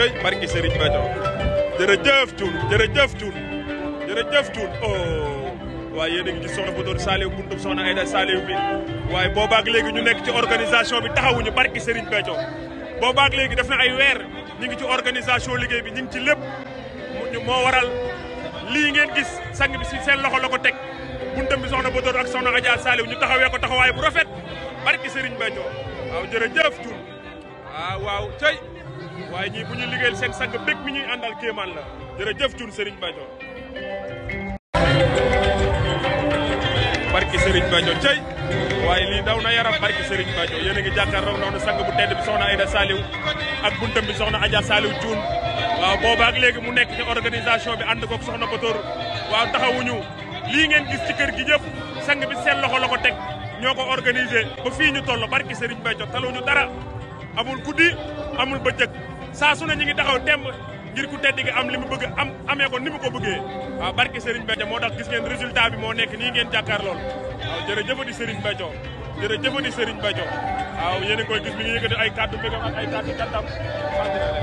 cëy barki Serigne Badiou jërëjëf Thioune jërëjëf Thioune jërëjëf Thioune oh waaye yéen a ngi gis soxna bu doon Saliou buntum soxna Aïda Saliou bi waaye boobaak léegi ñu nekk ci organisation bi taxawuñu barki Serigne Badiou boobaak léegi def na ay weer ñi ngi ci organisation liggéey bi ñu ngi ci lépp ñu moo waral lii ngeen gis sang si seen loxo la ko teg buntam bi soxna Bodor ak soxna Adja Saliou ñu taxawee ko taxawaay bu rafet barki Serigne Badiou waaw jërëjëf Thioune waaw waaw cëy waaye ñii bu ñu liggéeyal seen sang bég mi ñuy àndal kéemaan la jërëjëf Thioune Serigne Badior barki Serigne Badior cey waaye lii daw na yaram barki Serigne Badior yéen a ngi jàkkaarloo noonu sang bu tedd bi soxna Aïda Saliou ak buntam bi soxna Adja Saliou Thioune waaw booba léegi mu nekk ci organisation bi ànd koog soxna Bator waaw taxawuñu lii ngeen gis ci kër gi yëpp sang bi seen loxo la ko teg ñoo ko organisé ba fii ñu toll barki Serigne Badior taluñu dara amul guddi amul bëccëg saa su ne ñu ngi taxaw temb ngir ku tedd am li mu bëgg am amee ko ni mu ko bëggee waaw barke Serigne Béthio moo tax gis ngeen résultat bi moo nekk nii ngeen jàkkaar lool waaw jërëjëfati Serigne Béthio jërëjëfati Serigne Béthio waaw yéen a ngi koy gis mi ngi ay kàddu mbégam ak ay kàddu cantam